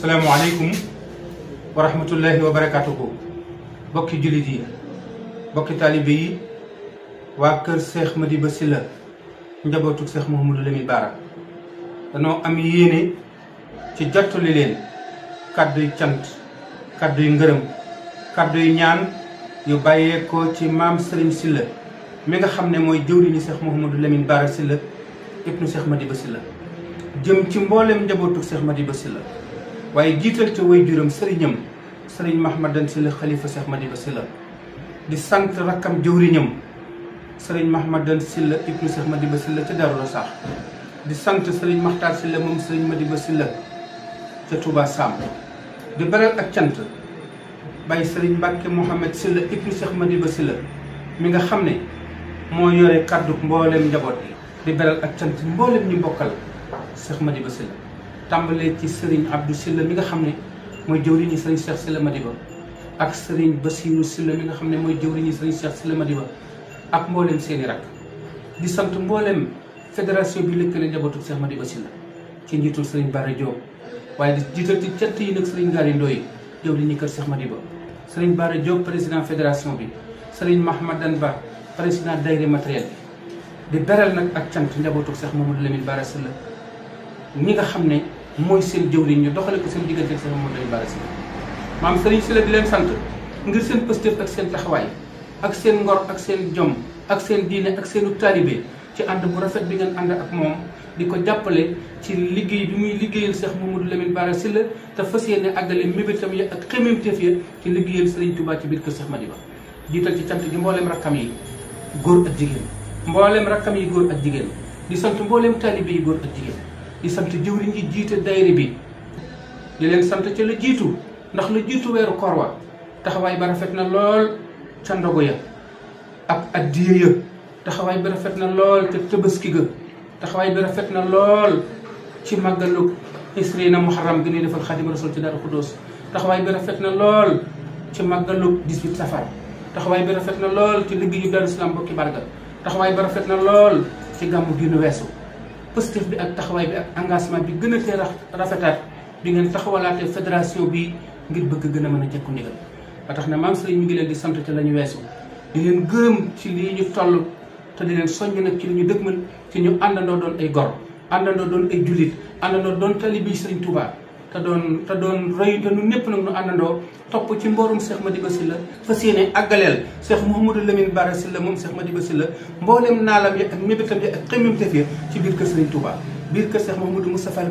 salaamaaleykum wa rahmatullahi wa barakaatuhu bokki jullit yi bokki taalibe yi waa kër Cheikh Madiba Sylla njabootu Cheikh Mouhamadou Lamine Bara danoo am yéene ci jottali leen kàddu yu cant kàddu yu ngërëm kàddu yu ñaan yu bàyyeekoo ci maam Serigne Sylla mi nga xam ne mooy jëwriñu Cheikh Mouhamadou Lamine Bara Sylla ma di Madiba Sylla jëm ci mboolem njabootu Cheikh Madiba Sylla waye jiital jurang way juram serignam serign mahmadan dan sil khalifa Cheikh Madiba si di sant rakam jëwriñam serign mahmadan dan sil ibnu Cheikh Madiba si ci daru Daaru di sant serign maxtaar sil mom serign Madiba Touba Sam di beral ak tiant bàyyi serign Mbàkke mohammed sil ibnu Cheikh Madiba si mi nga xamne mo yore kàddu mboolem di beral ak tiant mbollem ñu bokkal Cheikh Madiba tambalé ci serigne Abdou Sylla mi nga xamné ne jëwriñu serigne Cheikh Sylla Madiba ak serigne Bassirou Sylla mi nga xamné ne mooy jëwriñu serigne Cheikh Sylla Madiba ak mbolém seeni rak di sant mbolém fédération bi lekkale njabotou Cheikh Madiba Sylla ci njitul serigne Bara Diop waye di jiital ci cant yi nak serigne Gari Ndoye jëwriñu kër Cheikh Madiba serigne Bara Diop président fédération bi sëriñ Mahmadan Ba président daire matériel di beral nak ak ciant njabotou Cheikh Mamadou Lamine Bara Sylla ñi nga mooy seen jëwriñ ñu doxale ko seen diggante seen moom lañu baara si maam sëriñ si di leen sant ngir seen pëstëf ak seen taxawaay ak seen ngor ak seen jom ak seen diine ak seenu taalibe ci ànd bu rafet bi ngeen ànd ak moom di ko jàppale ci liggéey bi muy liggéeyal Cheikh Mamadou Lamine Bara Sylla te fas yéene àggale mébétam ya ak xemmeemteef ya ci liggéeyal seriñ Touba ci biir kër Cheikh Madiba jiital ci cant bi mbooleem rakkam yi góor ak jigéen mbooleem rakkam yi góor ak jigéen di sant mbooleem taalibe yi góor ak di sant jëwriñ ji jiite dayri bi di leen sant ci la jiitu ndax la jiitu weeru koor wa taxawaay ba rafet na lool ca ndogu ya ak addiya ya taxawaay bi rafet na lool ca tëbaski ga taxawaay bi rafet na lool ci màggalu isri na muharram gi ñuy defal xadim rasul ci Daaru Xuddoos taxawaay bi rafet na lool ci màggalu 18 safar taxawaay ba rafet na lool ci liggéeyu Daaru Salaam bokki barga taxawaay bi rafet na lool ci gàmmu gi nu weesu pëstëf bi ak taxawaay bi ak engagement bi gën a teel rafetaat bi ngeen taxawalaatee fédération bi ngir bëgg gën a mën a jekku ndigal ba tax ne maam Sëriñ mi ngi leen di sant ci la ñu weesu di leen gërëm ci lii ñu toll te di leen soññ nag ci li ñu mën ci ñu àndandoo doon ay gor àndandoo doon ay jullit àndandoo doon talibi Sëriñ Tuubaa te doon te doon royante nu ñëpp nag nu àndandoo topp ci mboorum Cheikh Madiba Sylla fas yéene àggaleel Cheikh Mouhamadou Lamine Bara Sylla moom Cheikh Madiba Sylla mboolem naalam yi ak mébétam yi ak xëmmam tafir ci biir kër Serigne ma biir kër Cheikh Mouhamadou Moustapha Al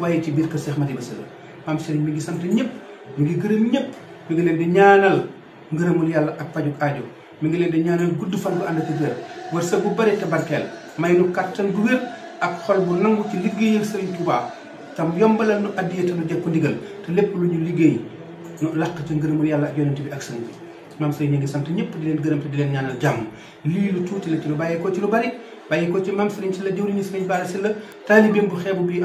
waaye ci biir kër Cheikh Madiba Sylla maam Serigne mi ngi sant ñëpp mi ngi gërëm ñëpp mu ngi leen di ñaanal ngërëmul yàlla ak pajuk aajo mu ngi leen di ñaanal gudd fan bu ànd ak wér wërsëg bu bëri te barkeel may nu kàttan gu wér ak xol bu nangu ci liggéeyal Serigne Touba tam yombalal nu addiya te nu jekku ndigal te lépp lu ñu liggéey nu làq ca ngërëmul yàlla ak yonent bi ak sëñ bi maam sëriñ ñu ngi sant ñëpp di leen gërëm te di leen ñaanal jàmm lii lu lu bàyyi ko ci lu bari bàyyi ko ci maam sëriñ si la jëwriñu sëriñ Bara Sylla taalibeem bu xeebu bii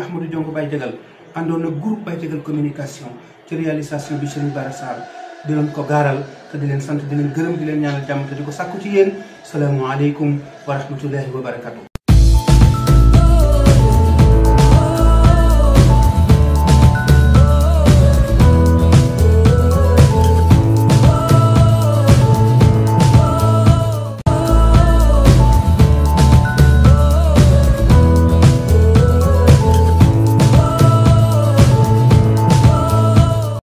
communication ci réalisation bi sëriñ Bara Sarr di ko gaaral te di leen sant di leen gërëm di leen ñaanal jàmm te di ko sàkku ci yéen salaamualeykum wa rahmatullahi wa barakatu